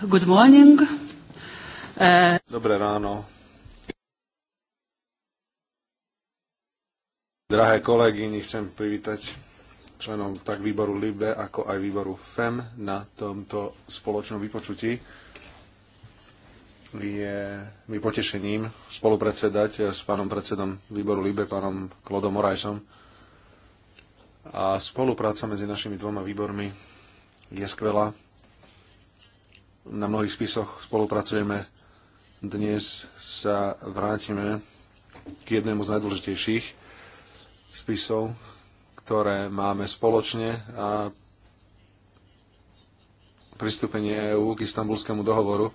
Good morning. Eh, Dobré ráno. Drahé kolegyni, chcem privítať členom tak výboru LIBE, ako aj výboru FEM na tomto spoločnom vypočutí. Je mi potešením spolupredsedať s pánom predsedom výboru LIBE, pánom Klodom Morajsom. A spolupráca medzi našimi dvoma výbormi je skvelá na mnohých spisoch spolupracujeme. Dnes sa vrátime k jednému z najdôležitejších spisov, ktoré máme spoločne a pristúpenie EÚ k istambulskému dohovoru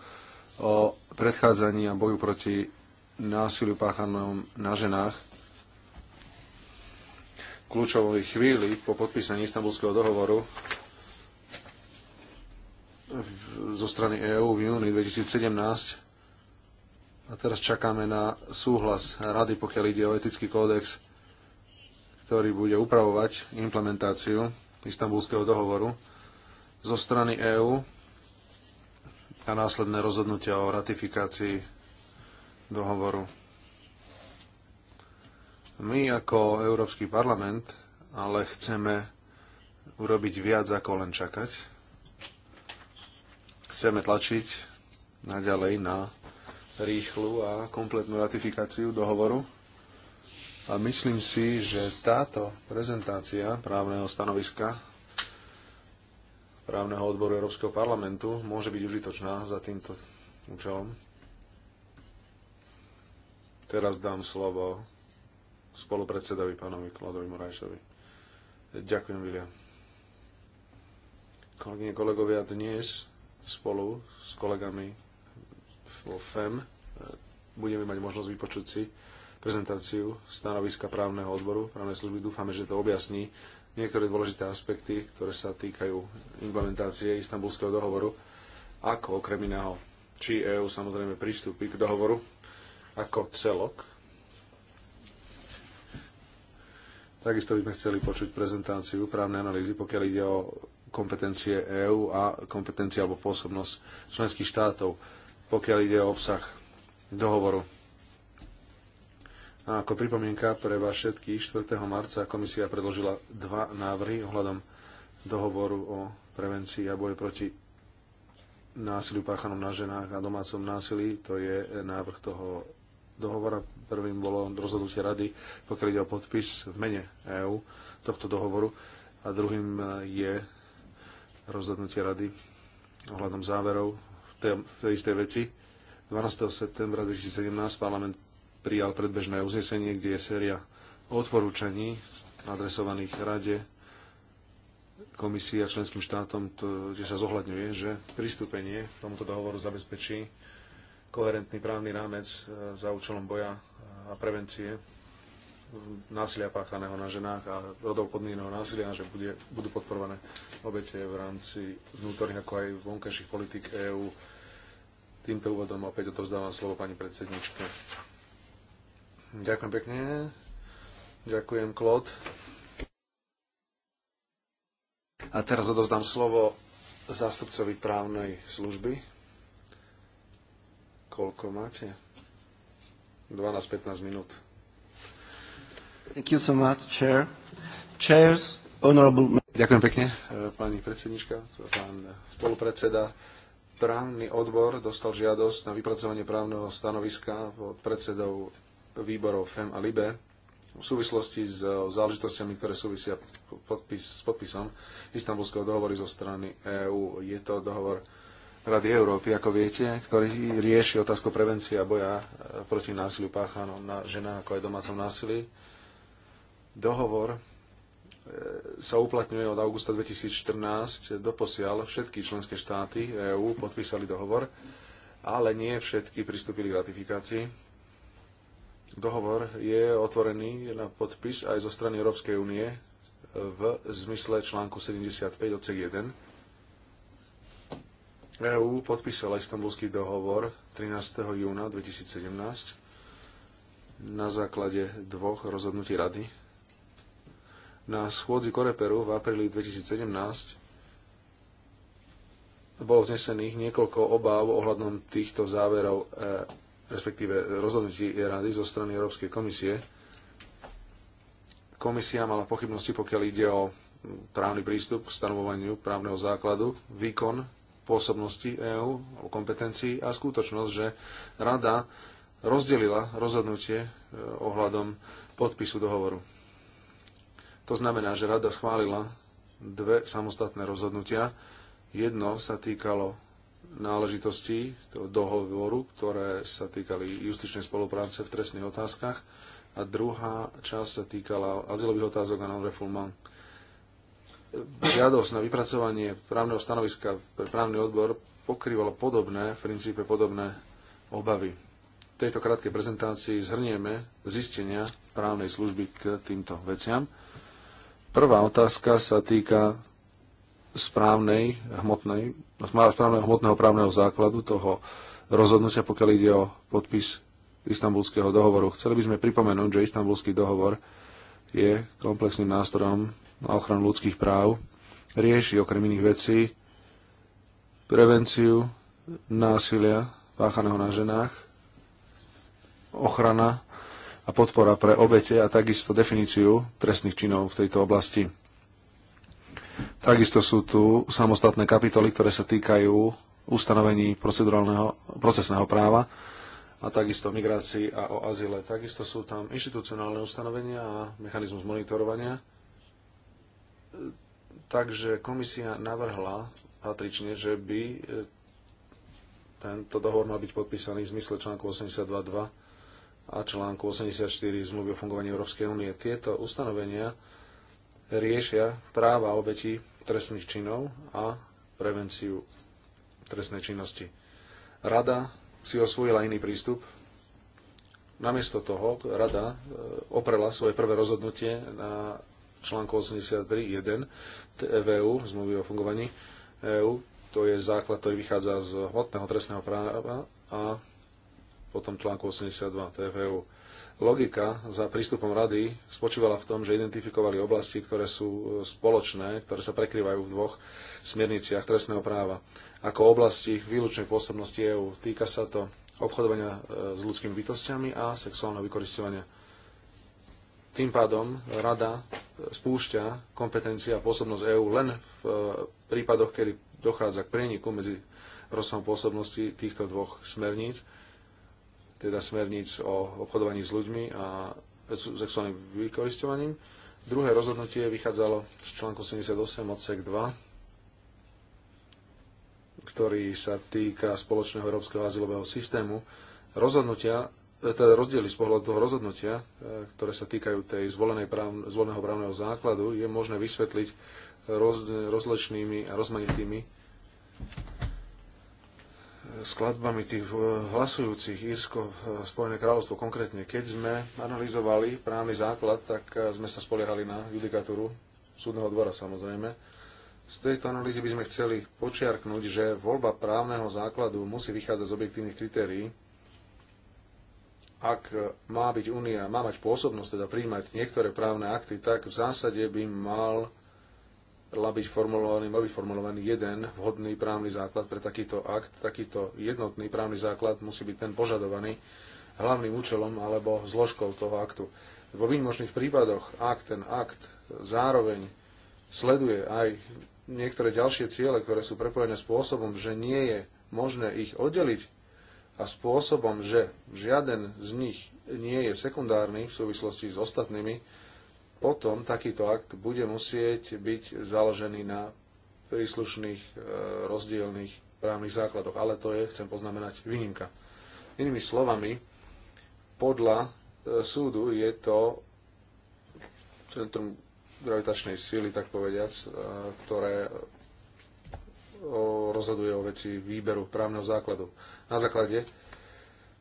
o predchádzaní a boju proti násiliu páchanom na ženách. V kľúčovej chvíli po podpísaní istambulského dohovoru zo strany EÚ v júni 2017 a teraz čakáme na súhlas rady, pokiaľ ide o etický kódex, ktorý bude upravovať implementáciu istambulského dohovoru zo strany EÚ a následné rozhodnutia o ratifikácii dohovoru. My ako Európsky parlament ale chceme urobiť viac ako len čakať Chceme tlačiť naďalej na rýchlu a kompletnú ratifikáciu dohovoru. A myslím si, že táto prezentácia právneho stanoviska právneho odboru Európskeho parlamentu môže byť užitočná za týmto účelom. Teraz dám slovo spolupredsedovi pánovi Klodovi Morajšovi. Ďakujem, Vilia. Kolegyne, kolegovia, dnes spolu s kolegami vo FEM e, budeme mať možnosť vypočuť si prezentáciu stanoviska právneho odboru právnej služby. Dúfame, že to objasní niektoré dôležité aspekty, ktoré sa týkajú implementácie istambulského dohovoru, ako okrem iného, či EÚ samozrejme prístupí k dohovoru ako celok. Takisto by sme chceli počuť prezentáciu právnej analýzy, pokiaľ ide o kompetencie EÚ a kompetencia alebo pôsobnosť členských štátov, pokiaľ ide o obsah dohovoru. A ako pripomienka pre vás všetkých, 4. marca komisia predložila dva návrhy ohľadom dohovoru o prevencii a boji proti násiliu páchanom na ženách a domácom násilí. To je návrh toho dohovora. Prvým bolo rozhodnutie rady, pokiaľ ide o podpis v mene EÚ tohto dohovoru. A druhým je rozhodnutie rady ohľadom záverov v tej, v tej istej veci. 12. septembra 2017 parlament prijal predbežné uznesenie, kde je séria odporúčaní adresovaných rade, komisii a členským štátom, to, kde sa zohľadňuje, že pristúpenie k tomuto dohovoru zabezpečí koherentný právny rámec e, za účelom boja a prevencie násilia páchaného na ženách a rodov podmienného násilia, že bude, budú podporované obete v rámci vnútorných ako aj vonkajších politik EÚ. Týmto úvodom opäť odovzdávam slovo pani predsedničke. Ďakujem pekne. Ďakujem, Klod. A teraz odovzdám slovo zástupcovi právnej služby. Koľko máte? 12-15 minút. Thank you so much, chair. Chairs, honorable... Ďakujem pekne, e, pani predsednička, pán spolupredseda. Právny odbor dostal žiadosť na vypracovanie právneho stanoviska od predsedov výborov FEM a LIBE v súvislosti s e, záležitostiami, ktoré súvisia podpis, s podpisom Istanbulského dohovoru zo strany EÚ. Je to dohovor Rady Európy, ako viete, ktorý rieši otázku prevencie a boja e, proti násiliu páchanom na ženách, ako aj domácom násilí. Dohovor e, sa uplatňuje od augusta 2014 do posiaľ. Všetky členské štáty EÚ podpísali dohovor, ale nie všetky pristúpili k ratifikácii. Dohovor je otvorený na podpis aj zo strany Európskej únie v zmysle článku 75 odsek 1. EÚ podpísala istambulský dohovor 13. júna 2017 na základe dvoch rozhodnutí Rady na schôdzi Koreperu v apríli 2017 bolo vznesených niekoľko obáv ohľadom týchto záverov, e, respektíve rozhodnutí rady zo strany Európskej komisie. Komisia mala pochybnosti, pokiaľ ide o právny prístup k stanovovaniu právneho základu, výkon pôsobnosti EÚ o kompetencií a skutočnosť, že rada rozdelila rozhodnutie e, ohľadom podpisu dohovoru. To znamená, že rada schválila dve samostatné rozhodnutia. Jedno sa týkalo náležitostí toho dohovoru, ktoré sa týkali justičnej spolupráce v trestných otázkach a druhá časť sa týkala azylových otázok a non-refoulement. Žiadosť na vypracovanie právneho stanoviska pre právny odbor pokrývalo podobné, v princípe podobné obavy. V tejto krátkej prezentácii zhrnieme zistenia právnej služby k týmto veciam. Prvá otázka sa týka správnej hmotnej, správneho hmotného právneho základu toho rozhodnutia, pokiaľ ide o podpis istambulského dohovoru. Chceli by sme pripomenúť, že istambulský dohovor je komplexným nástrojom na ochranu ľudských práv, rieši okrem iných vecí prevenciu násilia páchaného na ženách, ochrana a podpora pre obete a takisto definíciu trestných činov v tejto oblasti. Takisto sú tu samostatné kapitoly, ktoré sa týkajú ustanovení procedurálneho, procesného práva a takisto o migrácii a o azile. Takisto sú tam inštitucionálne ustanovenia a mechanizmus monitorovania. Takže komisia navrhla patrične, že by e, tento dohovor mal byť podpísaný v zmysle článku 82.2 a článku 84 zmluvy o fungovaní Európskej únie. Tieto ustanovenia riešia práva obeti trestných činov a prevenciu trestnej činnosti. Rada si osvojila iný prístup. Namiesto toho rada e, oprela svoje prvé rozhodnutie na článku 83.1 TVU, e zmluvy o fungovaní EÚ. To je základ, ktorý vychádza z hmotného trestného práva a potom článku 82 TVU. Logika za prístupom rady spočívala v tom, že identifikovali oblasti, ktoré sú e, spoločné, ktoré sa prekrývajú v dvoch smerniciach trestného práva, ako oblasti výlučnej pôsobnosti EÚ. Týka sa to obchodovania e, s ľudskými bytostiami a sexuálneho vykoristovania. Tým pádom rada e, spúšťa kompetencia a pôsobnosť EÚ len v prípadoch, kedy dochádza k prieniku medzi rozsahom pôsobnosti týchto dvoch smerníc teda smerníc o obchodovaní s ľuďmi a sexuálnym vykoristovaním. Druhé rozhodnutie vychádzalo z článku 78 odsek 2, ktorý sa týka spoločného európskeho azylového systému. Rozhodnutia, e, teda rozdiely z pohľadu toho rozhodnutia, e, ktoré sa týkajú tej zvolenej práv, zvoleného právneho základu, je možné vysvetliť rozličnými a rozmanitými skladbami tých eh, hlasujúcich Írsko, eh, Spojené kráľovstvo konkrétne, keď sme analyzovali právny základ, tak eh, sme sa spoliehali na judikatúru súdneho dvora samozrejme. Z tejto analýzy by sme chceli počiarknúť, že voľba právneho základu musí vychádzať z objektívnych kritérií. Ak má byť únia, má mať pôsobnosť, teda príjmať niektoré právne akty, tak v zásade by mal mal byť formulovaný, mal byť formulovaný jeden vhodný právny základ pre takýto akt. Takýto jednotný právny základ musí byť ten požadovaný hlavným účelom alebo zložkou toho aktu. Vo výnimočných prípadoch, ak ten akt zároveň sleduje aj niektoré ďalšie ciele, ktoré sú prepojené spôsobom, že nie je možné ich oddeliť a spôsobom, že žiaden z nich nie je sekundárny v súvislosti s ostatnými, potom takýto akt bude musieť byť založený na príslušných e, rozdielných právnych základoch. Ale to je, chcem poznamenať, výnimka. Inými slovami, podľa e, súdu je to centrum gravitačnej sily, tak povediac, e, ktoré rozhoduje o veci výberu právneho základu. Na základe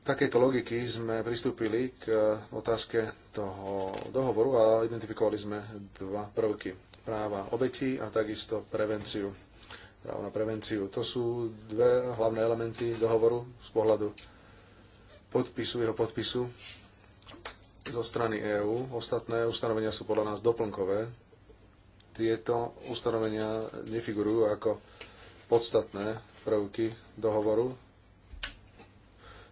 takejto logiky sme pristúpili k e, otázke toho dohovoru a identifikovali sme dva prvky. Práva obetí a takisto prevenciu. Právo na prevenciu. To sú dve hlavné elementy dohovoru z pohľadu podpisu, jeho podpisu zo strany EÚ. Ostatné ustanovenia sú podľa nás doplnkové. Tieto ustanovenia nefigurujú ako podstatné prvky dohovoru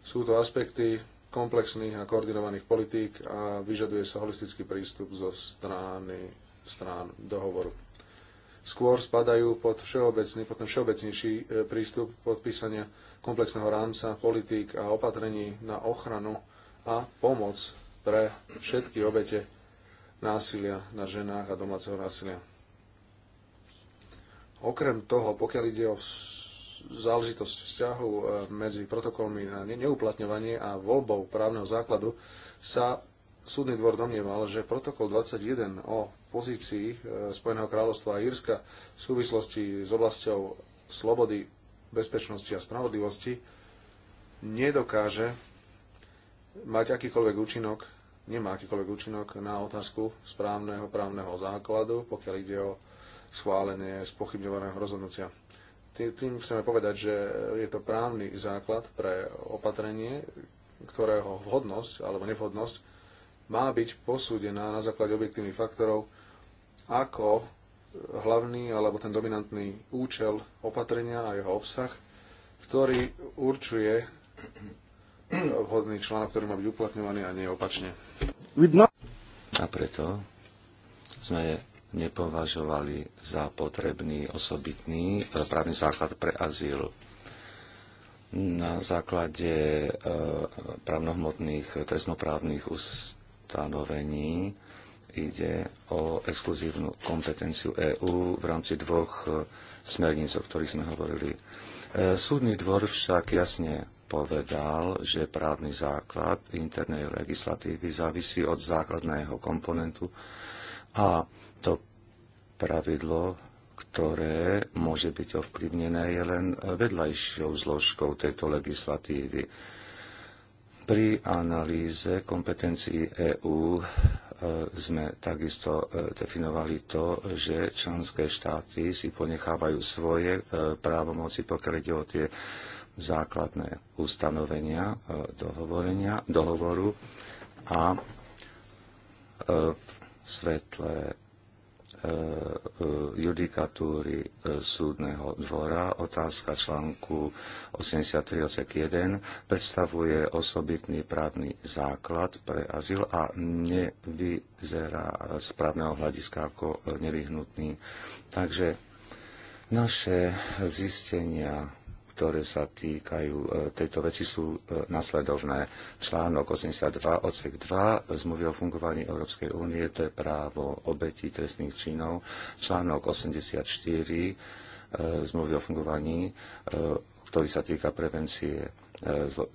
sú to aspekty komplexných a koordinovaných politík a vyžaduje sa holistický prístup zo strany strán dohovoru. Skôr spadajú pod všeobecný, pod ten všeobecnejší e, prístup podpísania komplexného rámca politík a opatrení na ochranu a pomoc pre všetky obete násilia na ženách a domáceho násilia. Okrem toho, pokiaľ ide o záležitosť vzťahu e, medzi protokolmi na neuplatňovanie a voľbou právneho základu sa súdny dvor domnieval, že protokol 21 o pozícii e, Spojeného kráľovstva a Írska v súvislosti s oblasťou slobody, bezpečnosti a spravodlivosti nedokáže mať akýkoľvek účinok, nemá akýkoľvek účinok na otázku správneho právneho základu, pokiaľ ide o schválenie spochybňovaného rozhodnutia. Tým chceme povedať, že je to právny základ pre opatrenie, ktorého vhodnosť alebo nevhodnosť má byť posúdená na základe objektívnych faktorov ako hlavný alebo ten dominantný účel opatrenia a jeho obsah, ktorý určuje vhodný článok, ktorý má byť uplatňovaný a nie opačne. No- a preto sme nepovažovali za potrebný osobitný e, právny základ pre azyl. Na základe e, právnohmotných trestnoprávnych ustanovení ide o exkluzívnu kompetenciu EÚ v rámci dvoch e, smerníc, o ktorých sme hovorili. Súdny dvor však jasne povedal, že právny základ internej legislatívy závisí od základného komponentu a to pravidlo, ktoré môže byť ovplyvnené, je len vedľajšou zložkou tejto legislatívy. Pri analýze kompetencií EÚ e, sme takisto e, definovali to, že členské štáty si ponechávajú svoje e, právomoci, pokiaľ ide o tie základné ustanovenia dohovoru a v svetle Eh, judikatúry eh, súdneho dvora. Otázka článku 83 odsek 1 predstavuje osobitný právny základ pre azyl a nevyzerá z právneho hľadiska ako nevyhnutný. Takže naše zistenia ktoré sa týkajú e, tejto veci, sú e, nasledovné. Článok 82, odsek 2 zmluvy o fungovaní Európskej únie, to je právo obetí trestných činov. Článok 84 e, zmluvy o fungovaní, ktorý sa týka prevencie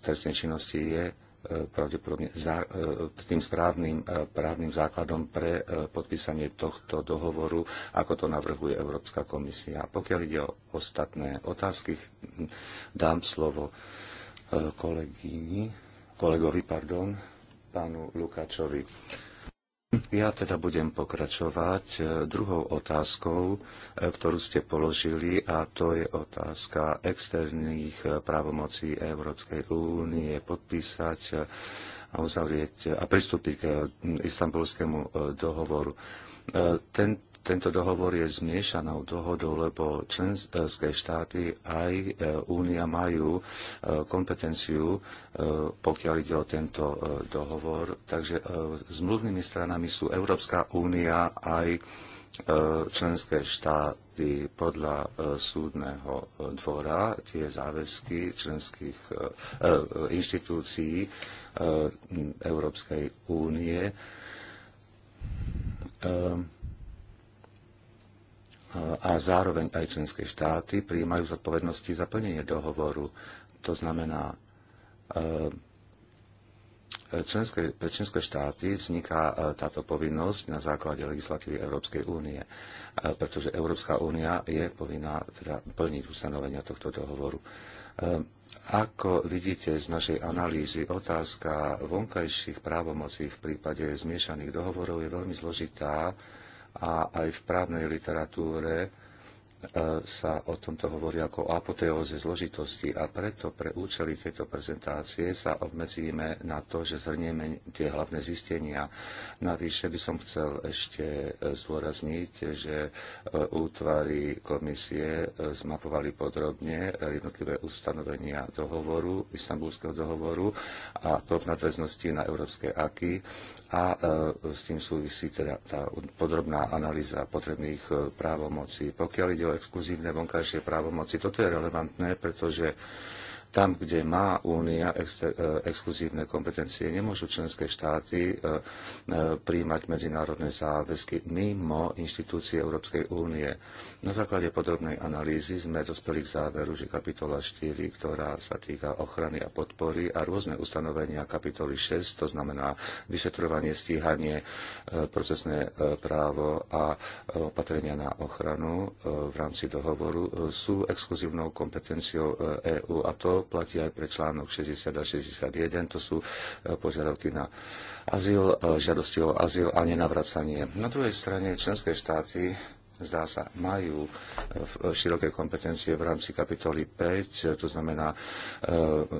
trestnej činnosti, je pravdepodobne za, e, tým správnym e, právnym základom pre e, podpísanie tohto dohovoru, ako to navrhuje Európska komisia. Pokiaľ ide o ostatné otázky, dám slovo kolegyni, kolegovi, pardon, pánu Lukáčovi. Ja teda budem pokračovať e, druhou otázkou, e, ktorú ste položili, a to je otázka externých e, právomocí Európskej únie podpísať a uzavrieť a pristúpiť k istambulskému dohovoru. Ten, tento dohovor je zmiešanou dohodou, lebo členské štáty aj e, únia majú e, kompetenciu, e, pokiaľ ide o tento dohovor. Takže zmluvnými stranami sú Európska únia aj členské štáty podľa súdneho dvora tie záväzky členských inštitúcií Európskej únie a zároveň aj členské štáty prijímajú zodpovednosti za plnenie dohovoru. To znamená, e, členské, pre členské štáty vzniká e, táto povinnosť na základe legislatívy Európskej únie, e, pretože Európska únia je povinná teda plniť ustanovenia tohto dohovoru. Ako vidíte z našej analýzy, otázka vonkajších právomocí v prípade zmiešaných dohovorov je veľmi zložitá a aj v právnej literatúre E, sa o tomto hovorí ako o apoteóze zložitosti a preto pre účely tejto prezentácie sa obmedzíme na to, že zhrnieme tie hlavné zistenia. Navyše by som chcel ešte e, zdôrazniť, že e, útvary komisie zmapovali podrobne jednotlivé ustanovenia dohovoru, istambulského dohovoru a to v nadväznosti na európske aky a s tým súvisí teda tá podrobná analýza potrebných právomocí. Pokiaľ ide exkluzívne vonkajšie právomoci. Toto je relevantné, pretože tam, kde má Únia e, exkluzívne kompetencie, nemôžu členské štáty e, e, príjmať medzinárodné záväzky mimo inštitúcie Európskej únie. Na základe podrobnej analýzy sme dospeli k záveru, že kapitola 4, ktorá sa týka ochrany a podpory a rôzne ustanovenia kapitoly 6, to znamená vyšetrovanie, stíhanie, procesné právo a opatrenia na ochranu v rámci dohovoru, sú exkluzívnou kompetenciou EÚ a to to platí aj pre článok 60 a 61. To sú e, požiadavky na azyl, e, žiadosti o azyl a nenavracanie. Na druhej strane členské štáty zdá sa, majú e, e, široké kompetencie v rámci kapitoly 5, e, to znamená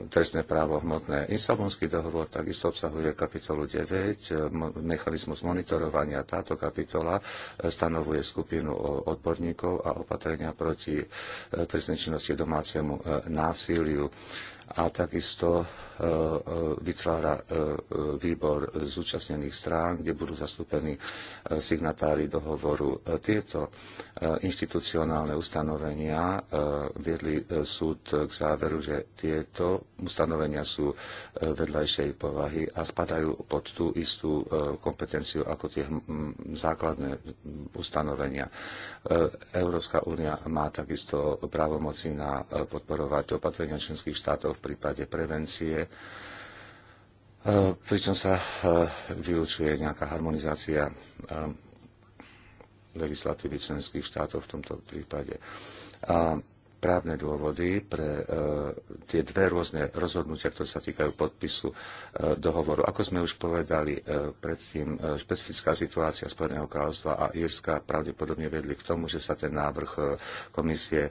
trestné právo hmotné. Istanbulský dohovor takisto obsahuje kapitolu 9, mechanizmus monitorovania. Táto kapitola stanovuje skupinu odborníkov a opatrenia proti trestnej činnosti domácemu násiliu a takisto e, e, vytvára e, výbor zúčastnených strán, kde budú zastúpení signatári dohovoru. Tieto inštitucionálne ustanovenia viedli súd k záveru, že tieto ustanovenia sú vedľajšej povahy a spadajú pod tú istú kompetenciu ako tie základné ustanovenia. Európska únia má takisto právomoci na podporovať opatrenia členských štátov v prípade prevencie, e, pričom sa e, vylučuje nejaká harmonizácia e, legislatívy členských štátov v tomto prípade. A právne dôvody pre e, tie dve rôzne rozhodnutia, ktoré sa týkajú podpisu e, dohovoru. Ako sme už povedali e, predtým, špecifická situácia Spojeného kráľovstva a Írska pravdepodobne vedli k tomu, že sa ten návrh komisie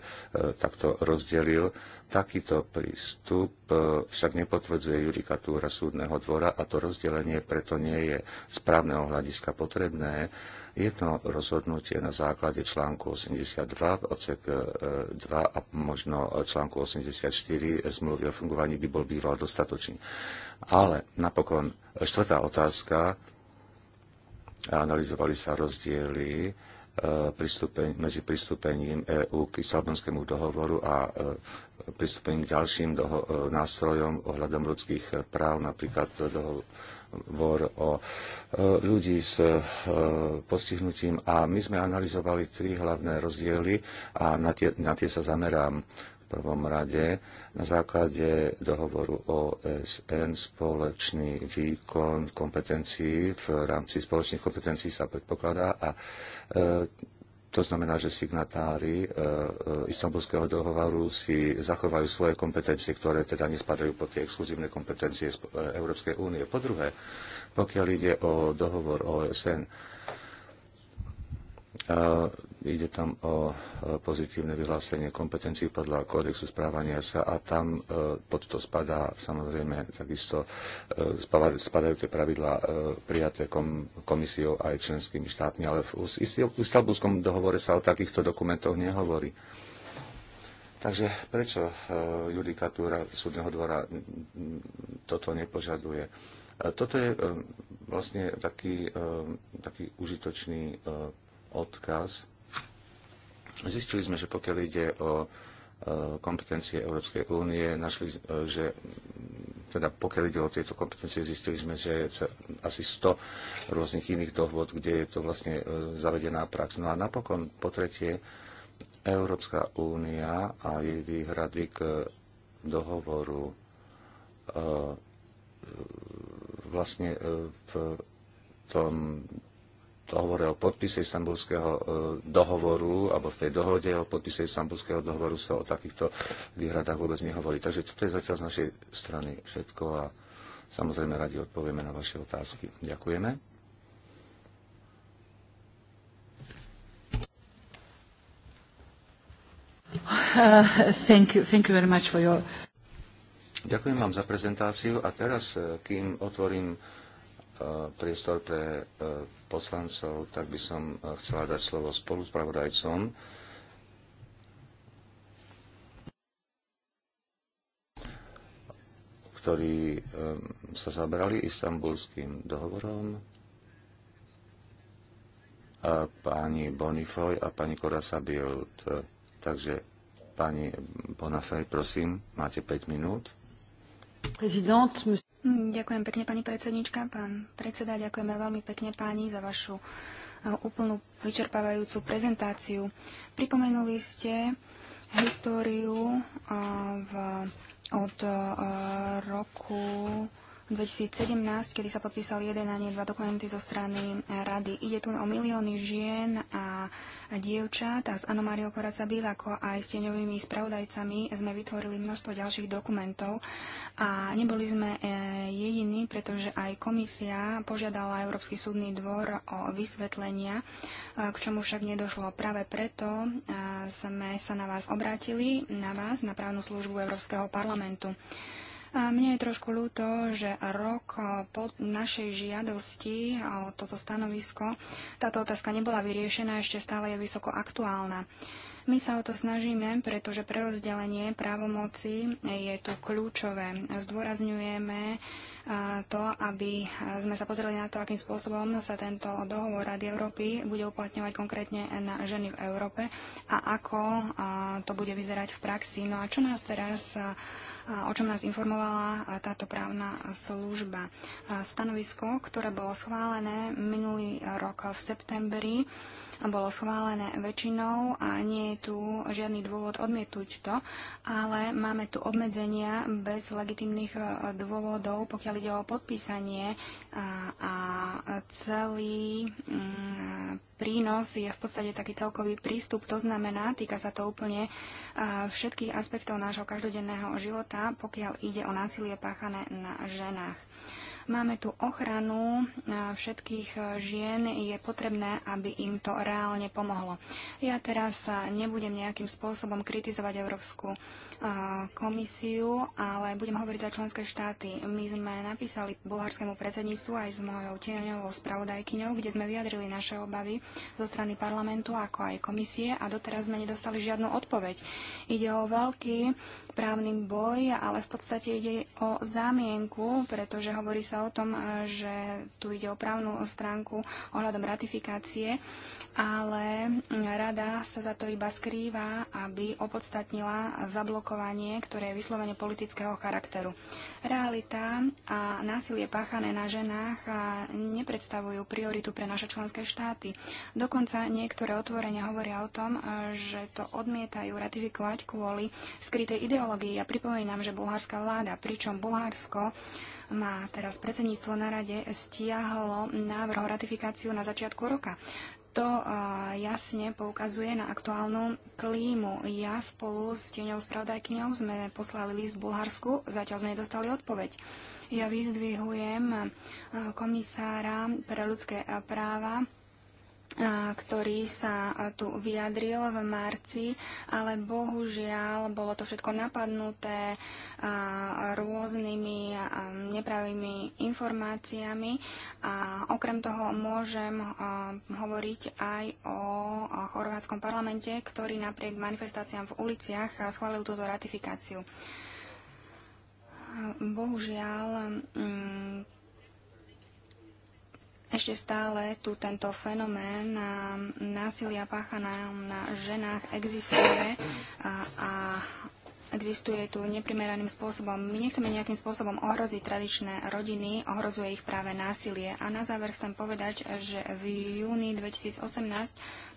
takto rozdelil. Takýto prístup však nepotvrdzuje judikatúra súdneho dvora a to rozdelenie preto nie je z právneho hľadiska potrebné Jedno rozhodnutie na základe článku 82, odsek 2 e, a možno článku 84 zmluvy o fungovaní by bol býval dostatočný. Ale napokon štvrtá otázka, analyzovali sa rozdiely e, pristupeň, medzi pristúpením EÚ k Lisabonskému dohovoru a e, pristúpením k ďalším doho- nástrojom ohľadom ľudských práv, napríklad doho- Hovor o e, ľudí s e, postihnutím a my sme analyzovali tri hlavné rozdiely a na tie, na tie sa zamerám v prvom rade na základe dohovoru OSN spoločný výkon kompetencií v rámci spoločných kompetencií sa predpokladá a e, to znamená, že signatári e, e, istambulského dohovoru si zachovajú svoje kompetencie, ktoré teda nespadajú pod tie exkluzívne kompetencie e, Európskej únie. Po druhé, pokiaľ ide o dohovor OSN, Ide tam o e, pozitívne vyhlásenie kompetencií podľa kódexu správania sa a tam e, pod to spadá samozrejme takisto e, spadajú tie pravidlá prijaté komisiou aj členskými štátmi, ale v Istanbulskom dohovore sa o takýchto dokumentoch nehovorí. Takže prečo judikatúra súdneho dvora toto nepožaduje? Toto je vlastne taký, taký užitočný odkaz Zistili sme, že pokiaľ ide o e, kompetencie Európskej únie, našli, e, že teda pokiaľ ide o tieto kompetencie, zistili sme, že je asi 100 rôznych iných dohôd, kde je to vlastne e, zavedená prax. No a napokon, po tretie, Európska únia a jej výhrady k dohovoru vlastne v tom to hovorí o podpise istambulského e, dohovoru, alebo v tej dohode o podpise istambulského dohovoru sa o takýchto výhradách vôbec nehovorí. Takže toto je zatiaľ z našej strany všetko a samozrejme radi odpovieme na vaše otázky. Ďakujeme. Uh, Ďakujem vám za prezentáciu a teraz, e, kým otvorím E, priestor pre e, poslancov, tak by som e, chcela dať slovo spoluspravodajcom. ktorí sa zabrali istambulským dohovorom. A pani Bonifoy a pani Korasa Bild. Takže pani Bonafej, prosím, máte 5 minút. Prezident, Hm, ďakujem pekne, pani predsednička. Pán predseda, ďakujeme veľmi pekne páni za vašu eh, úplnú vyčerpávajúcu prezentáciu. Pripomenuli ste históriu eh, v, od eh, roku 2017, kedy sa podpísali jeden a nie dva dokumenty zo strany rady. Ide tu o milióny žien a dievčat a s Anomáriou Koracabil, ako aj s tieňovými spravodajcami sme vytvorili množstvo ďalších dokumentov a neboli sme e, jediní, pretože aj komisia požiadala Európsky súdny dvor o vysvetlenia, e, k čomu však nedošlo. Práve preto e, sme sa na vás obrátili, na vás, na právnu službu Európskeho parlamentu. A mne je trošku ľúto, že rok eh, po našej žiadosti eh, o toto stanovisko táto otázka nebola vyriešená, ešte stále je vysoko aktuálna. My sa o to snažíme, pretože prerozdelenie právomoci je tu kľúčové. Zdôrazňujeme to, aby sme sa pozreli na to, akým spôsobom sa tento dohovor Rady Európy bude uplatňovať konkrétne na ženy v Európe a ako to bude vyzerať v praxi. No a čo nás teraz o čom nás informovala táto právna služba. Stanovisko, ktoré bolo schválené minulý rok v septembri, bolo schválené väčšinou a nie je tu žiadny dôvod odmietuť to, ale máme tu obmedzenia bez legitimných e, dôvodov, pokiaľ ide o podpísanie a celý mm, prínos je v podstate taký celkový prístup. To znamená, týka sa to úplne e, všetkých aspektov nášho každodenného života, pokiaľ ide o násilie páchané na ženách. Máme tu ochranu všetkých e, žien. Je potrebné, aby im to reálne pomohlo. Ja teraz e, nebudem nejakým spôsobom kritizovať Európsku e, komisiu, ale budem hovoriť za členské štáty. My sme napísali bulharskému predsedníctvu aj s mojou tieňovou spravodajkyňou, kde sme vyjadrili naše obavy zo strany parlamentu, ako aj komisie a doteraz sme nedostali žiadnu odpoveď. Ide o veľký právny boj, ale v podstate ide o zámienku, pretože hovorí sa sa o tom, eh, že tu ide o právnu stránku ohľadom ratifikácie, ale mm, rada sa za to iba skrýva, aby opodstatnila zablokovanie, ktoré je vyslovene politického charakteru. Realita a násilie páchané na ženách eh, nepredstavujú prioritu pre naše členské štáty. Dokonca niektoré otvorenia hovoria o tom, eh, že to odmietajú ratifikovať kvôli skrytej ideológii. Ja pripomínam, že bulharská vláda, pričom Bulharsko má teraz predsedníctvo na rade, stiahlo návrh o ratifikáciu na začiatku roka. To jasne poukazuje na aktuálnu klímu. Ja spolu s tieňou spravodajkňou sme poslali list Bulharsku, zatiaľ sme nedostali odpoveď. Ja vyzdvihujem komisára pre ľudské práva ktorý sa tu vyjadril v marci, ale bohužiaľ bolo to všetko napadnuté rôznymi nepravými informáciami a okrem toho môžem hovoriť aj o chorvátskom parlamente, ktorý napriek manifestáciám v uliciach schválil túto ratifikáciu. Bohužiaľ, ešte stále tu tento fenomén násilia páchaná na ženách existuje a, a existuje tu neprimeraným spôsobom. My nechceme nejakým spôsobom ohroziť tradičné rodiny, ohrozuje ich práve násilie. A na záver chcem povedať, že v júni 2018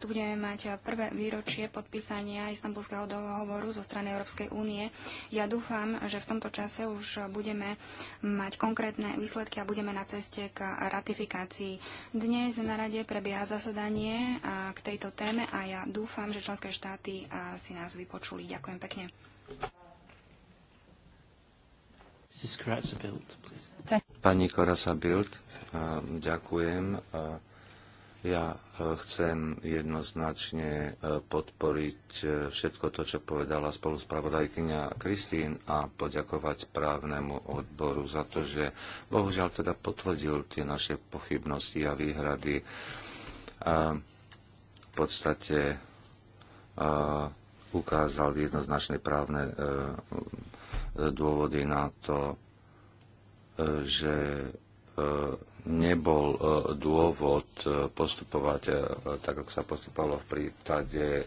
tu budeme mať prvé výročie podpísania istambulského dohovoru zo strany Európskej únie. Ja dúfam, že v tomto čase už budeme mať konkrétne výsledky a budeme na ceste k ratifikácii. Dnes na rade prebieha zasadanie k tejto téme a ja dúfam, že členské štáty si nás vypočuli. Ďakujem pekne. Pani Korasa Bild, ehm, ďakujem. Ehm, ja ehm, chcem jednoznačne podporiť všetko to, čo povedala spoluspravodajkynia Kristín a poďakovať právnemu odboru za to, že bohužiaľ teda potvrdil tie naše pochybnosti a výhrady. v podstate ukázal jednoznačné právne e, e, dôvody na to, e, že nebol dôvod postupovať tak, ako sa postupovalo v prípade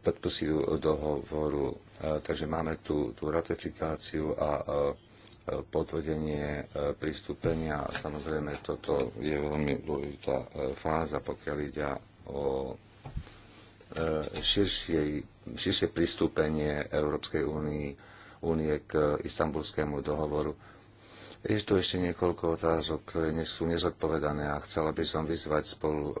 podpisu dohovoru. Takže máme tu, tú ratifikáciu a potvrdenie pristúpenia. Samozrejme, toto je veľmi dôležitá fáza, pokiaľ ide o E, širšie, širšie pristúpenie Európskej únie, únie k istambulskému dohovoru. Je tu ešte niekoľko otázok, ktoré nie sú nezodpovedané a chcela by som vyzvať spolu e,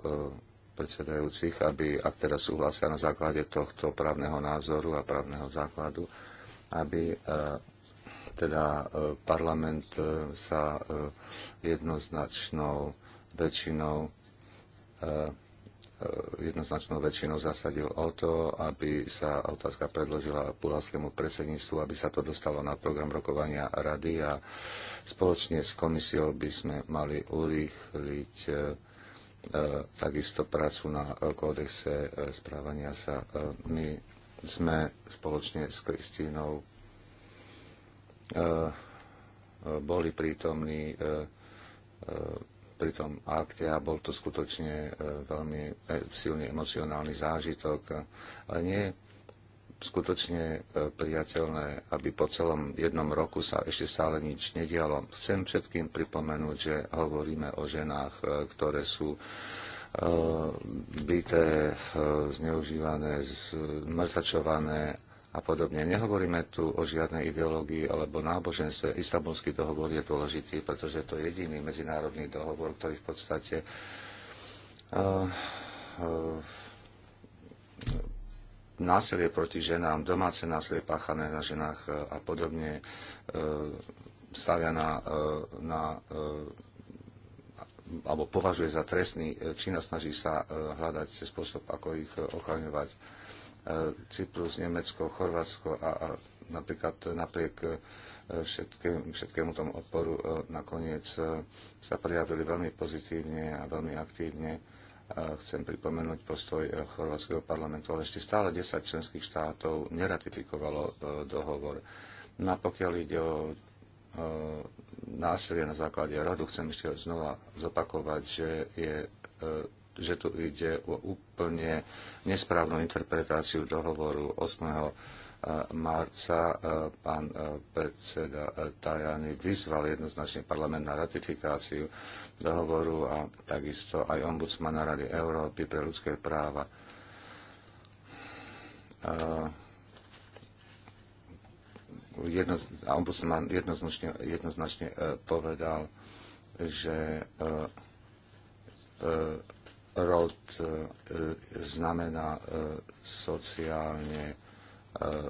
predsedajúcich, aby, ak teda súhlasia na základe tohto právneho názoru a právneho základu, aby e, teda parlament sa jednoznačnou väčšinou Eh, jednoznačnou väčšinou zasadil o to, aby sa otázka predložila bulharskému predsedníctvu, aby sa to dostalo na program rokovania rady a spoločne s komisiou by sme mali urýchliť eh, eh, takisto prácu na kódexe správania sa. My sme spoločne s Kristínou boli prítomní pri tom akte a bol to skutočne e, veľmi e, silný emocionálny zážitok, ale nie je skutočne e, priateľné, aby po celom jednom roku sa ešte stále nič nedialo. Chcem všetkým pripomenúť, že hovoríme o ženách, ktoré sú byté, zneužívané, zmrzačované a podobne. Nehovoríme tu o žiadnej ideológii alebo náboženstve. Istanbulský dohovor je dôležitý, pretože to je jediný medzinárodný dohovor, ktorý v podstate uh, uh, násilie proti ženám, domáce násilie páchané na ženách eh, a podobne stavia na, na alebo považuje za trestný čin a snaží sa hľadať spôsob, ako ich ochraňovať. Cyprus, Nemecko, Chorvátsko a, a napríklad napriek e, všetkému, všetkému tomu odporu e, nakoniec e, sa prejavili veľmi pozitívne a veľmi aktívne. Chcem pripomenúť postoj Chorvátskeho parlamentu, ale ešte stále 10 členských štátov neratifikovalo dohovor. No a pokiaľ ide o násilie na základe rodu, chcem ešte znova zopakovať, že je že tu ide o úplne nesprávnu interpretáciu dohovoru 8. Eh, marca. Eh, pán eh, predseda Tajany vyzval jednoznačne parlament na ratifikáciu dohovoru a takisto aj ombudsmana Rady Európy pre ľudské práva. Jedno, ombudsman jednoznačne, jednoznačne povedal, že rod e, e, znamená e, sociálne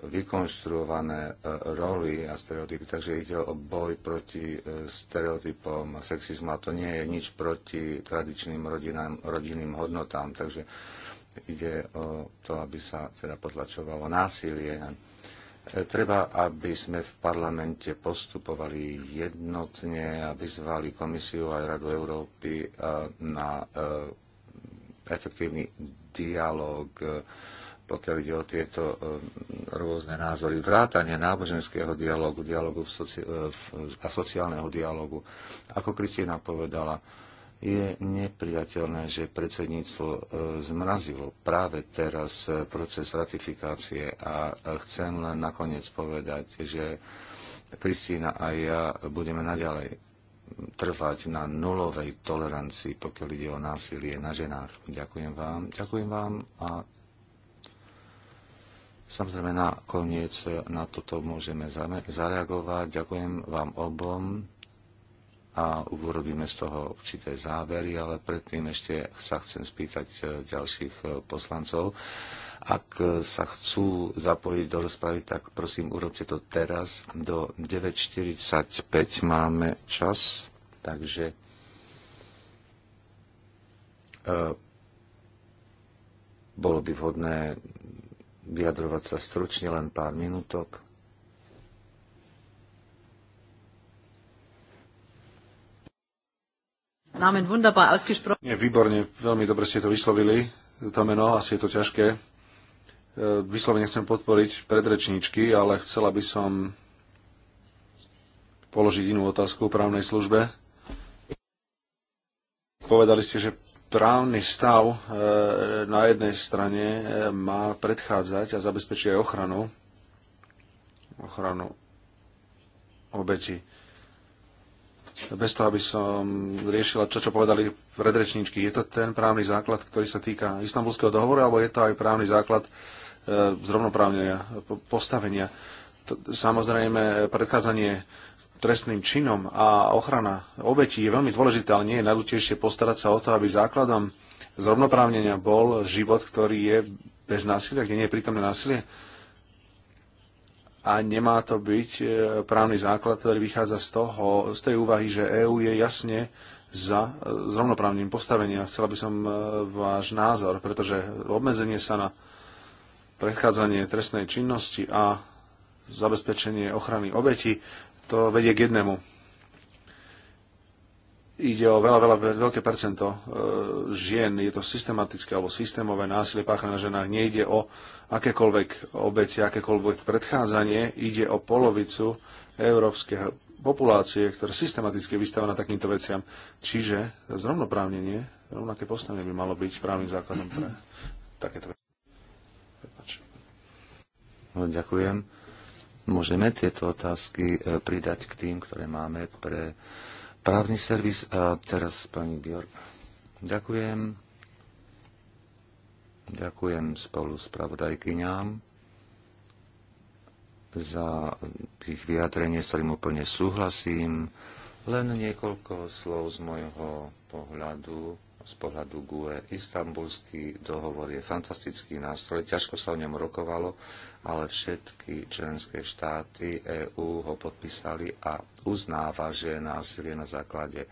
vykonštruované roly a stereotypy. Takže ide o boj proti stereotypom a sexizmu a to nie je nič proti tradičným rodinám, rodinným hodnotám. Takže ide o to, aby sa teda potlačovalo násilie. Treba, aby sme v parlamente postupovali jednotne a vyzvali komisiu aj Radu Európy na efektívny dialog, e, pokiaľ ide o tieto e, rôzne názory, vrátanie náboženského dialogu, dialogu v soci- e, a sociálneho dialogu. Ako Kristina povedala, je nepriateľné, že predsedníctvo zmrazilo práve teraz proces ratifikácie a chcem len nakoniec povedať, že Kristína a ja budeme naďalej trvať na nulovej tolerancii, pokiaľ ide o násilie na ženách. Ďakujem vám. Ďakujem vám a samozrejme na koniec na toto môžeme zareagovať. Ďakujem vám obom a urobíme z toho určité závery, ale predtým ešte sa chcem spýtať eh, ďalších eh, poslancov. Ak e, sa chcú zapojiť do rozpravy, tak prosím, urobte to teraz. Do 9.45 máme čas, takže e, bolo by vhodné vyjadrovať sa stručne len pár minútok. wunderbar ausgesprochen. výborne, veľmi dobre ste to vyslovili, to meno, asi je to ťažké. E, vyslovene chcem podporiť predrečníčky, ale chcela by som položiť inú otázku o právnej službe. Povedali ste, že právny stav e, na jednej strane e, má predchádzať a zabezpečiť aj ochranu, ochranu obeti. Bez toho, aby som riešila to, čo povedali predrečníčky, je to ten právny základ, ktorý sa týka istambulského dohovoru, alebo je to aj právny základ, E, zrovnoprávnenia, e, postavenia. Samozrejme, predchádzanie trestným činom a ochrana obetí je veľmi dôležitá, ale nie je najdôležitejšie postarať sa o to, aby základom zrovnoprávnenia bol život, ktorý je bez násilia, kde nie je prítomné násilie. A nemá to byť e, právny základ, ktorý vychádza z, toho, z tej úvahy, že EÚ je jasne za zrovnoprávnym postavením. Chcela by som váš názor, pretože obmedzenie sa na predchádzanie trestnej činnosti a zabezpečenie ochrany obeti, to vedie k jednému. Ide o veľa, veľa, veľké percento e, žien. Je to systematické alebo systémové násilie páchané na ženách. Nejde o akékoľvek obete, akékoľvek predchádzanie. Ide o polovicu európskej populácie, ktorá systematicky vystáva na takýmto veciam. Čiže zrovnoprávnenie, rovnaké postavenie by malo byť právnym základom pre takéto No, ďakujem. Môžeme tieto otázky e, pridať k tým, ktoré máme pre právny servis. A teraz pani Bjork. Ďakujem. Ďakujem spolu s pravodajkyňám za ich vyjadrenie, s ktorým úplne súhlasím. Len niekoľko slov z môjho pohľadu, z pohľadu GUE. Istanbulský dohovor je fantastický nástroj, ťažko sa o ňom rokovalo, ale všetky členské štáty EÚ ho podpísali a uznáva, že násilie na základe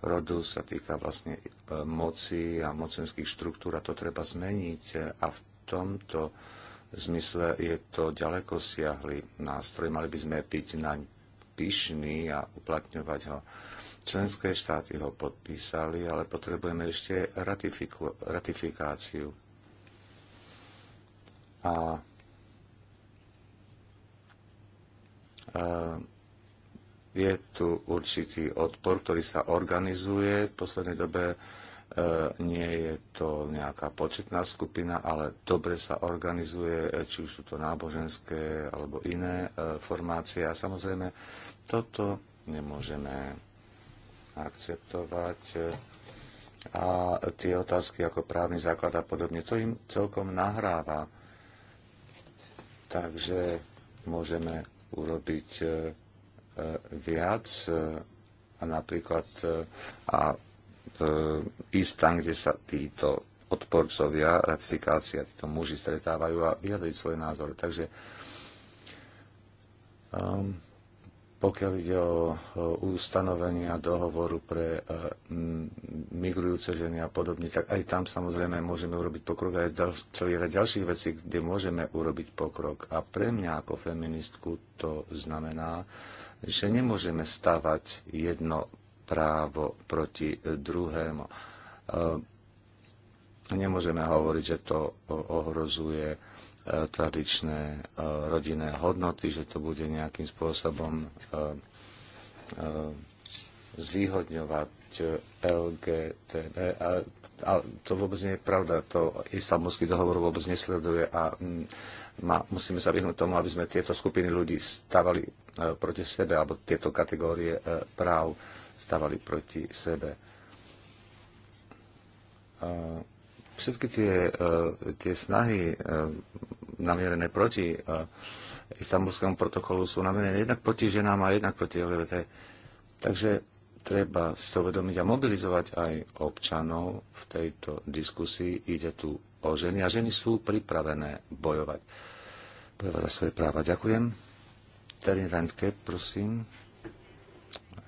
rodu sa týka vlastne e, moci a mocenských štruktúr a to treba zmeniť a v tomto zmysle je to ďaleko siahly nástroj. Mali by sme byť naň pyšní a uplatňovať ho. Členské štáty ho podpísali, ale potrebujeme ešte ratifikáciu. A je tu určitý odpor, ktorý sa organizuje. V poslednej dobe e, nie je to nejaká početná skupina, ale dobre sa organizuje, e, či už sú to náboženské alebo iné e, formácie. A samozrejme, toto nemôžeme akceptovať. A tie otázky ako právny základ a podobne, to im celkom nahráva. Takže môžeme urobiť e, e, viac e, a napríklad a ísť tam, kde sa títo odporcovia ratifikácia, títo muži stretávajú a vyjadriť svoje názory. Takže um, pokiaľ ide o ustanovenia dohovoru pre e, migrujúce ženy a podobne, tak aj tam samozrejme môžeme urobiť pokrok aj celý rad ďalších vecí, kde môžeme urobiť pokrok. A pre mňa ako feministku to znamená, že nemôžeme stavať jedno právo proti e, druhému. E, nemôžeme hovoriť, že to ohrozuje Eh, tradičné eh, rodinné hodnoty, že to bude nejakým spôsobom eh, zvýhodňovať LGTB. A, to vôbec nie je pravda. To islamovský dohovor vôbec nesleduje a ma, mm, musíme sa vyhnúť tomu, aby sme tieto skupiny ľudí stavali proti sebe alebo tieto kategórie práv stavali proti sebe. všetky tie, tie snahy namierené proti e, istambulskému protokolu, sú namierené jednak proti ženám a jednak proti LGBT. Takže treba si to uvedomiť a mobilizovať aj občanov v tejto diskusii. Ide tu o ženy a ženy sú pripravené bojovať. Bojovať za svoje práva. Ďakujem. Terin Randke, prosím.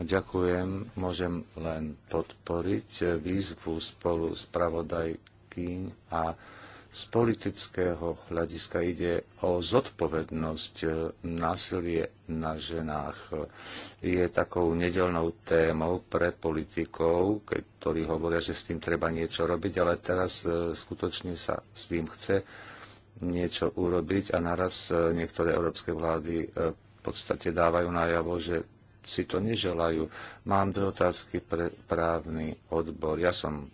Ďakujem. Môžem len podporiť výzvu spolu spravodajky a z politického hľadiska ide o zodpovednosť. E, násilie na ženách je takou nedelnou témou pre politikov, ktorí hovoria, že s tým treba niečo robiť, ale teraz e, skutočne sa s tým chce niečo urobiť a naraz e, niektoré európske vlády v podstate dávajú najavo, že si to neželajú. Mám dve otázky pre právny odbor. Ja som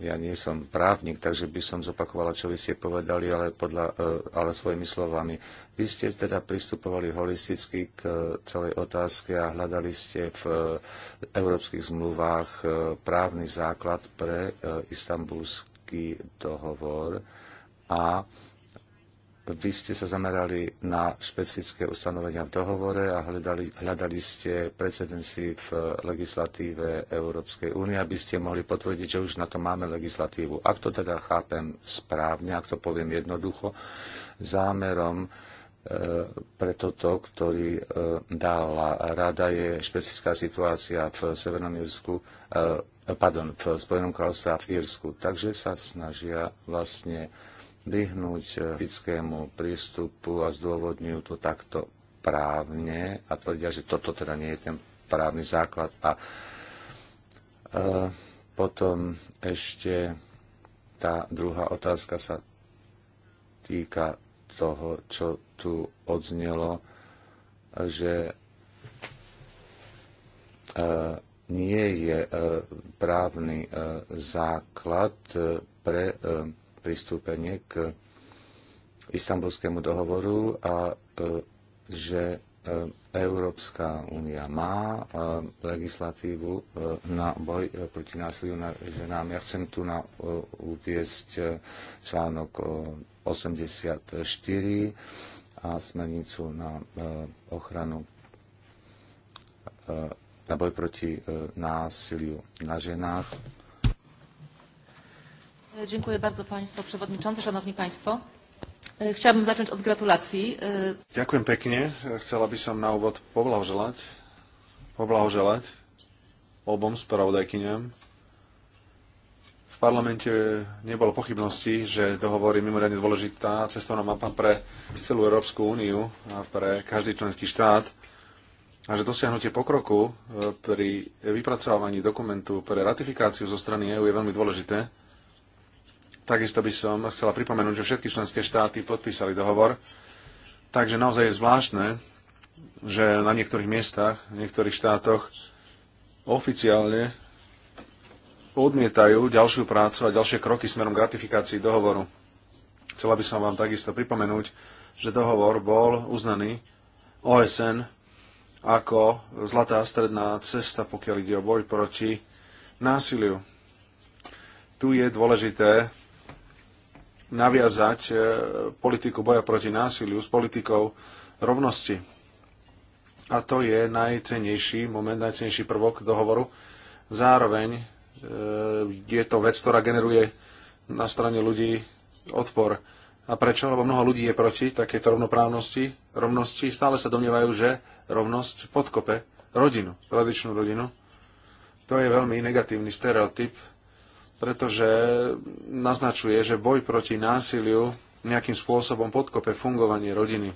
ja nie som právnik, takže by som zopakovala, čo vy ste povedali, ale, podľa, e, ale svojimi slovami. Vy ste teda pristupovali holisticky k e, celej otázke a hľadali ste v e, európskych zmluvách právny základ pre istambulský dohovor a vy ste sa zamerali na špecifické ustanovenia v dohovore a hľadali, hľadali ste precedenci v legislatíve Európskej únie, aby ste mohli potvrdiť, že už na to máme legislatívu. Ak to teda chápem správne, ak to poviem jednoducho, zámerom e, pre toto, ktorý e, dala rada, je špecifická situácia v Severnom Írsku, e, pardon, v Spojenom kráľovstve a v Írsku. Takže sa snažia vlastne vyhnúť eh, fickému prístupu a zdôvodňujú to takto právne a tvrdia, že toto teda nie je ten právny základ. A e, potom ešte tá druhá otázka sa týka toho, čo tu odznelo, že e, nie je e, právny e, základ pre e, pristúpenie k istambulskému dohovoru a e, že e, Európska únia má e, legislatívu na boj proti násiliu na ženám. Ja chcem tu na, uviesť článok 84 a smernicu na ochranu na boj proti násiliu na ženách E, dziękuję bardzo Państwu Przewodniczący, Szanowni Państwo. E, chciałabym zacząć od gratulacji. E, Ďakujem pekne. Chcela by som na úvod poblahoželať, poblahoželať obom spravodajkyniam. V parlamente nebolo pochybností, že dohovor je mimoriadne dôležitá cestovná mapa pre celú Európsku úniu a pre každý členský štát a že dosiahnutie pokroku pri vypracovávaní dokumentu pre ratifikáciu zo strany EÚ je veľmi dôležité Takisto by som chcela pripomenúť, že všetky členské štáty podpísali dohovor, takže naozaj je zvláštne, že na niektorých miestach, v niektorých štátoch oficiálne odmietajú ďalšiu prácu a ďalšie kroky smerom k ratifikácii dohovoru. Chcela by som vám takisto pripomenúť, že dohovor bol uznaný OSN ako zlatá stredná cesta, pokiaľ ide o boj proti násiliu. Tu je dôležité naviazať e, politiku boja proti násiliu s politikou rovnosti. A to je najcenejší moment, najcenejší prvok dohovoru. Zároveň e, je to vec, ktorá generuje na strane ľudí odpor. A prečo? Lebo mnoho ľudí je proti takéto rovnoprávnosti, rovnosti. Stále sa domnievajú, že rovnosť podkope rodinu, tradičnú rodinu. To je veľmi negatívny stereotyp, pretože naznačuje, že boj proti násiliu nejakým spôsobom podkope fungovanie rodiny.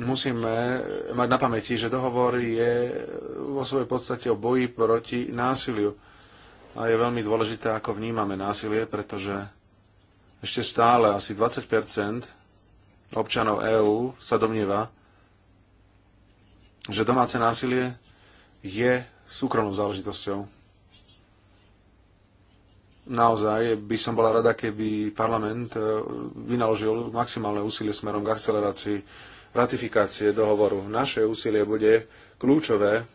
Musíme mať na pamäti, že dohovor je vo svojej podstate o boji proti násiliu. A je veľmi dôležité, ako vnímame násilie, pretože ešte stále asi 20 občanov EÚ sa domnieva, že domáce násilie je súkromnou záležitosťou naozaj by som bola rada, keby parlament e, vynaložil maximálne úsilie smerom k akcelerácii ratifikácie dohovoru. Naše úsilie bude kľúčové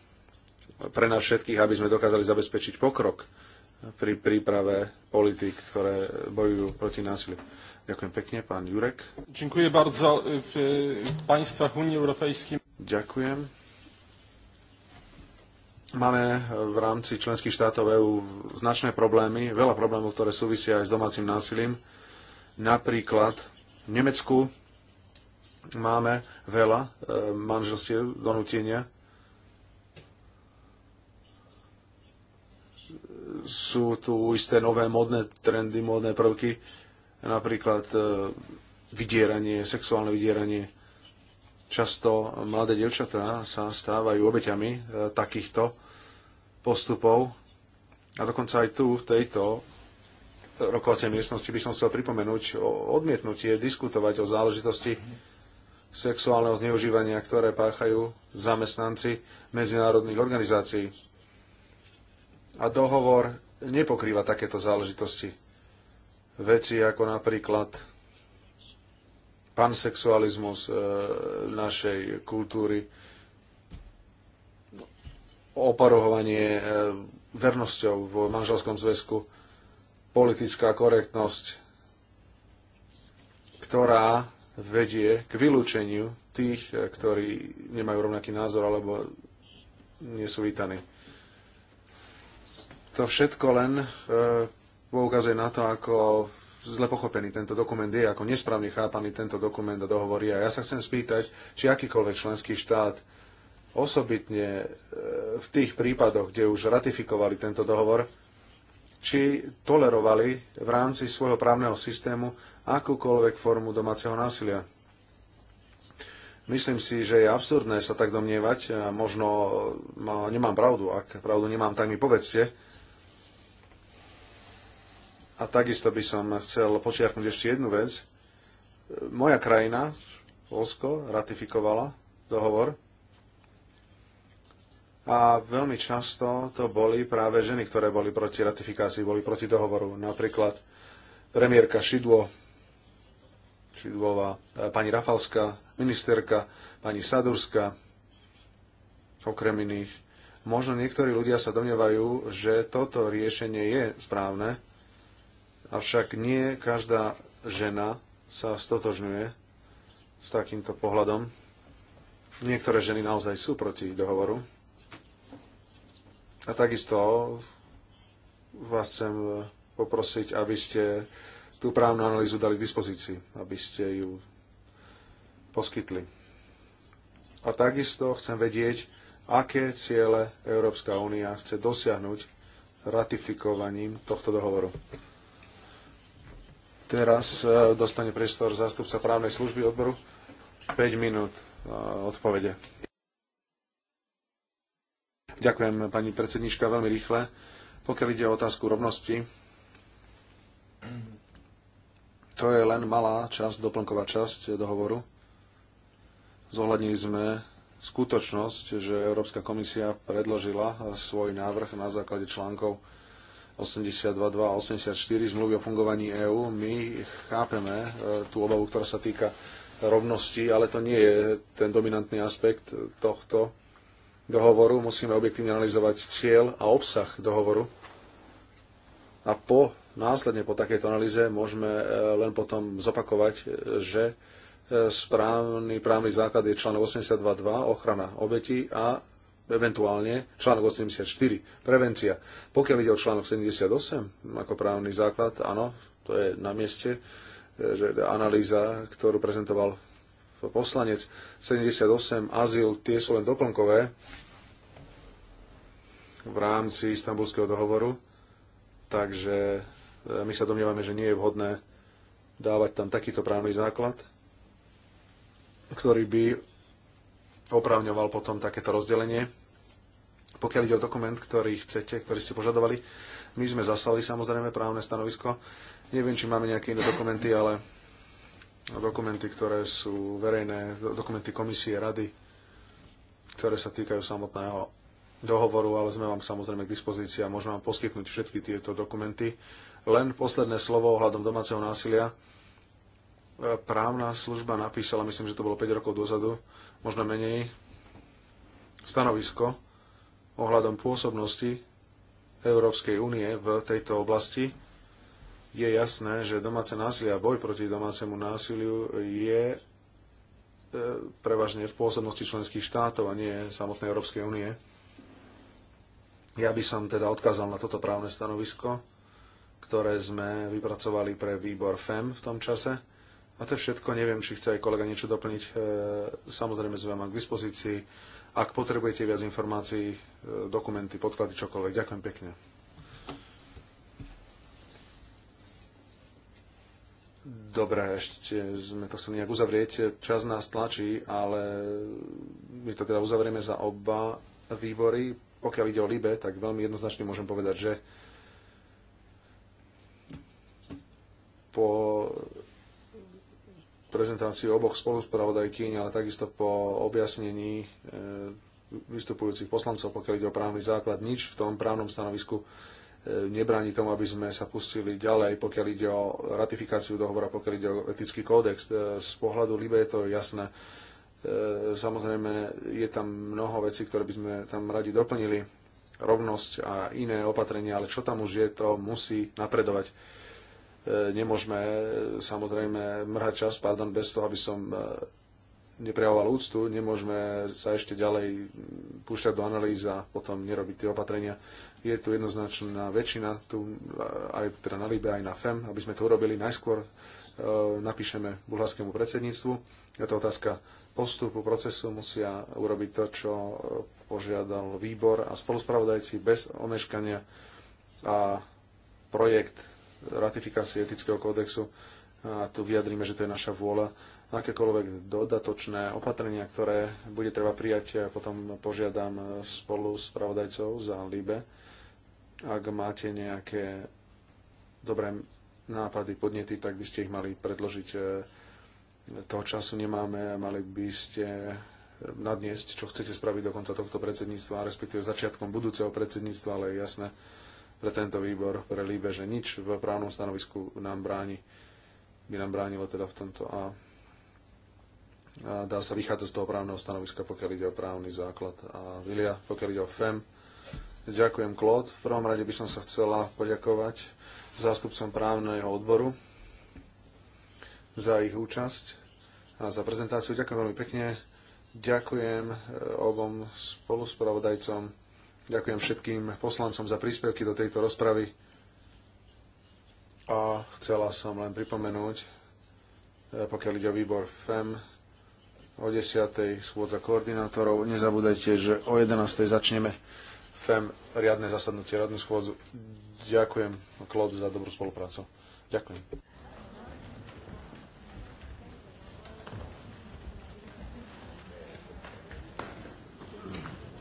pre nás všetkých, aby sme dokázali zabezpečiť pokrok pri príprave politik, ktoré bojujú proti násiliu. Ďakujem pekne, pán Jurek. Ďakujem bardzo v e, e, państwach Unii Europejskiej. Ďakujem. Máme eh, v rámci členských štátov EÚ značné problémy, veľa problémov, ktoré súvisia aj s domácim násilím. Napríklad v Nemecku máme veľa eh, manželstiev donútenia. Sú tu isté nové modné trendy, modné prvky, napríklad eh, vydieranie, sexuálne vydieranie Často mladé dievčatá sa stávajú obeťami e, takýchto postupov. A dokonca aj tu, v tejto rokovacej miestnosti by som chcel pripomenúť o odmietnutie diskutovať o záležitosti sexuálneho zneužívania, ktoré páchajú zamestnanci medzinárodných organizácií. A dohovor nepokrýva takéto záležitosti. Veci ako napríklad pansexualizmus e, našej kultúry, oparohovanie e, vernosťou v manželskom zväzku, politická korektnosť, ktorá vedie k vylúčeniu tých, e, ktorí nemajú rovnaký názor alebo nie sú vítaní. To všetko len poukazuje na to, ako zle pochopený tento dokument je, ako nesprávne chápaný tento dokument a dohovorí. A ja sa chcem spýtať, či akýkoľvek členský štát osobitne e, v tých prípadoch, kde už ratifikovali tento dohovor, či tolerovali v rámci svojho právneho systému akúkoľvek formu domáceho násilia. Myslím si, že je absurdné sa tak domnievať. Možno nemám pravdu. Ak pravdu nemám, tak mi povedzte a takisto by som chcel počiarknúť ešte jednu vec. Moja krajina, Polsko, ratifikovala dohovor a veľmi často to boli práve ženy, ktoré boli proti ratifikácii, boli proti dohovoru. Napríklad premiérka Šidlo, Šidlova, eh, pani Rafalská, ministerka, pani Sadurská, okrem iných. Možno niektorí ľudia sa domnievajú, že toto riešenie je správne, Avšak nie každá žena sa stotožňuje s takýmto pohľadom. Niektoré ženy naozaj sú proti dohovoru. A takisto vás chcem poprosiť, aby ste tú právnu analýzu dali k dispozícii, aby ste ju poskytli. A takisto chcem vedieť, aké ciele Európska únia chce dosiahnuť ratifikovaním tohto dohovoru. Teraz e, dostane priestor zástupca právnej služby odboru. 5 minút e, odpovede. Ďakujem, pani predsednička, veľmi rýchle. Pokiaľ ide o otázku rovnosti, to je len malá časť, doplnková časť dohovoru. Zohľadnili sme skutočnosť, že Európska komisia predložila svoj návrh na základe článkov 82.2 a 84 zmluvy o fungovaní EÚ. My chápeme e, tú obavu, ktorá sa týka rovnosti, ale to nie je ten dominantný aspekt tohto dohovoru. Musíme objektívne analyzovať cieľ a obsah dohovoru. A po, následne po takejto analýze môžeme e, len potom zopakovať, e, že správny právny základ je článok 82.2 ochrana obeti a eventuálne článok 84, prevencia. Pokiaľ ide o článok 78 ako právny základ, áno, to je na mieste, e, že analýza, ktorú prezentoval poslanec, 78, azyl, tie sú len doplnkové v rámci istambulského dohovoru, takže e, my sa domnievame, že nie je vhodné dávať tam takýto právny základ, ktorý by opravňoval potom takéto rozdelenie. Pokiaľ ide o dokument, ktorý chcete, ktorý ste požadovali, my sme zaslali samozrejme právne stanovisko. Neviem, či máme nejaké iné dokumenty, ale dokumenty, ktoré sú verejné, dokumenty komisie, rady, ktoré sa týkajú samotného dohovoru, ale sme vám samozrejme k dispozícii a môžeme vám poskytnúť všetky tieto dokumenty. Len posledné slovo ohľadom domáceho násilia právna služba napísala, myslím, že to bolo 5 rokov dozadu, možno menej, stanovisko ohľadom pôsobnosti Európskej únie v tejto oblasti, je jasné, že domáce násilie a boj proti domácemu násiliu je e, prevažne v pôsobnosti členských štátov a nie samotnej Európskej únie. Ja by som teda odkázal na toto právne stanovisko, ktoré sme vypracovali pre výbor FEM v tom čase a to je všetko. Neviem, či chce aj kolega niečo doplniť. E, samozrejme, sme vám k dispozícii. Ak potrebujete viac informácií, e, dokumenty, podklady, čokoľvek. Ďakujem pekne. Dobre, ešte sme to chceli nejak uzavrieť. Čas nás tlačí, ale my to teda uzavrieme za oba výbory. Pokiaľ ide o Libe, tak veľmi jednoznačne môžem povedať, že po prezentáciu oboch spoluspravodajkyň, ale takisto po objasnení e, vystupujúcich poslancov, pokiaľ ide o právny základ. Nič v tom právnom stanovisku e, nebráni tomu, aby sme sa pustili ďalej, pokiaľ ide o ratifikáciu dohovora, pokiaľ ide o etický kódex. E, z pohľadu Libe je to jasné. Samozrejme, je tam mnoho vecí, ktoré by sme tam radi doplnili, rovnosť a iné opatrenia, ale čo tam už je, to musí napredovať E, nemôžeme e, samozrejme mrhať čas, pardon, bez toho, aby som e, neprejavoval úctu, nemôžeme sa ešte ďalej púšťať do analýzy a potom nerobiť tie opatrenia. Je tu jednoznačná väčšina, tu aj teda na Libe, aj na FEM, aby sme to urobili najskôr, napíšeme bulharskému predsedníctvu. Je to otázka postupu, procesu, musia urobiť to, čo požiadal výbor a spoluspravodajci bez omeškania a projekt ratifikácie etického kódexu a tu vyjadríme, že to je naša vôľa. Akékoľvek dodatočné opatrenia, ktoré bude treba prijať, potom požiadam spolu s pravodajcov za LIBE. Ak máte nejaké dobré nápady, podnety, tak by ste ich mali predložiť. Toho času nemáme, mali by ste nadniesť, čo chcete spraviť do konca tohto predsedníctva, respektíve začiatkom budúceho predsedníctva, ale je jasné, pre tento výbor, pre Líbe, že nič v právnom stanovisku nám bráni, by nám bránilo teda v tomto a, a dá sa vychádzať z toho právneho stanoviska, pokiaľ ide o právny základ. A Vilia, pokiaľ ide o FEM, ďakujem Klod. V prvom rade by som sa chcela poďakovať zástupcom právneho odboru za ich účasť a za prezentáciu. Ďakujem veľmi pekne. Ďakujem e, obom spoluspravodajcom Ďakujem všetkým poslancom za príspevky do tejto rozpravy a chcela som len pripomenúť, e, pokiaľ ide o výbor FEM, o 10. schôdza koordinátorov. Nezabúdajte, že o 11. začneme FEM riadne zasadnutie, radnú schôdzu. Ďakujem, Klod, za dobrú spoluprácu. Ďakujem.